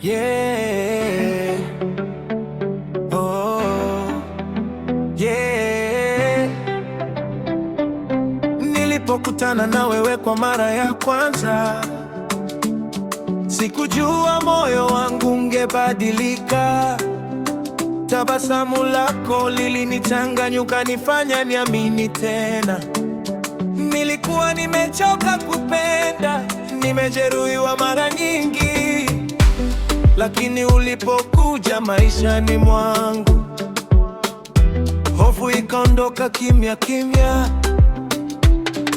yeah. Oh, yeah. Nilipokutana na wewe kwa mara ya kwanza sikujua moyo wangu ungebadilika. Tabasamu lako lilinichanganyuka, nifanya niamini tena. Nilikuwa nimechoka kupenda, nimejeruhiwa mara nyingi lakini ulipokuja maishani mwangu hofu ikaondoka kimya kimya.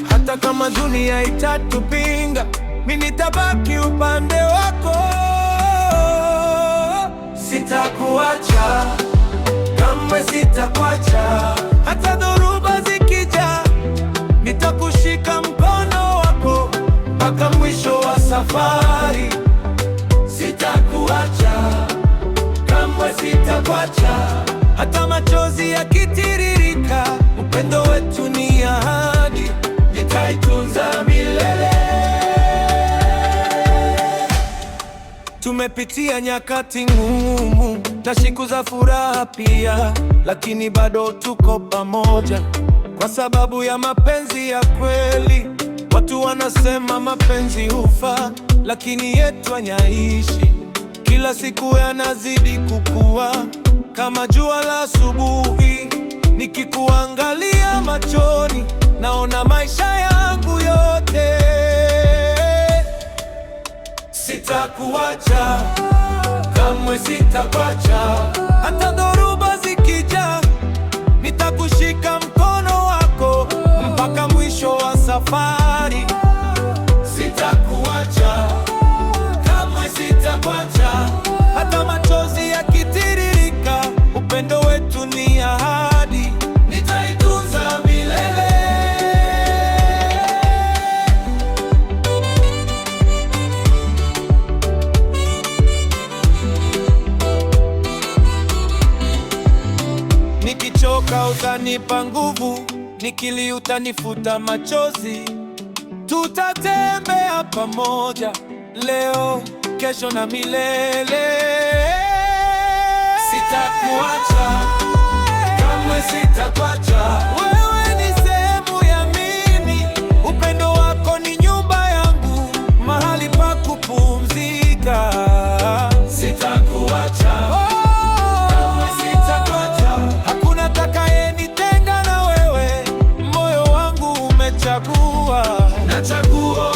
Hata kama dunia itatupinga, mimi nitabaki upande wako, sitakuacha kamwe, sitakuacha hata dhoruba zikija, nitakushika mkono wako mpaka mwisho wa safari sitakuacha, kamwe sitakuacha, hata machozi yakitiririka, upendo wetu ni ahadi, nitaitunza milele. Tumepitia nyakati ngumu na siku za furaha pia, lakini bado tuko pamoja kwa sababu ya mapenzi ya kweli. Watu wanasema mapenzi hufa, lakini yetu anyaishi. Kila siku yanazidi kukua kama jua la asubuhi. Nikikuangalia machoni, naona maisha yangu yote. Sitakuacha kamwe, sitakuacha. safari, sitakuacha kamwe, sitakuacha hata machozi yakitiririka, upendo wetu ni ahadi, nitaitunza milele. Nikichoka utanipa nguvu nikili utanifuta machozi, tutatembea pamoja leo, kesho na milele. Sitakuacha kamwe, sitakuacha nachagua, nachagua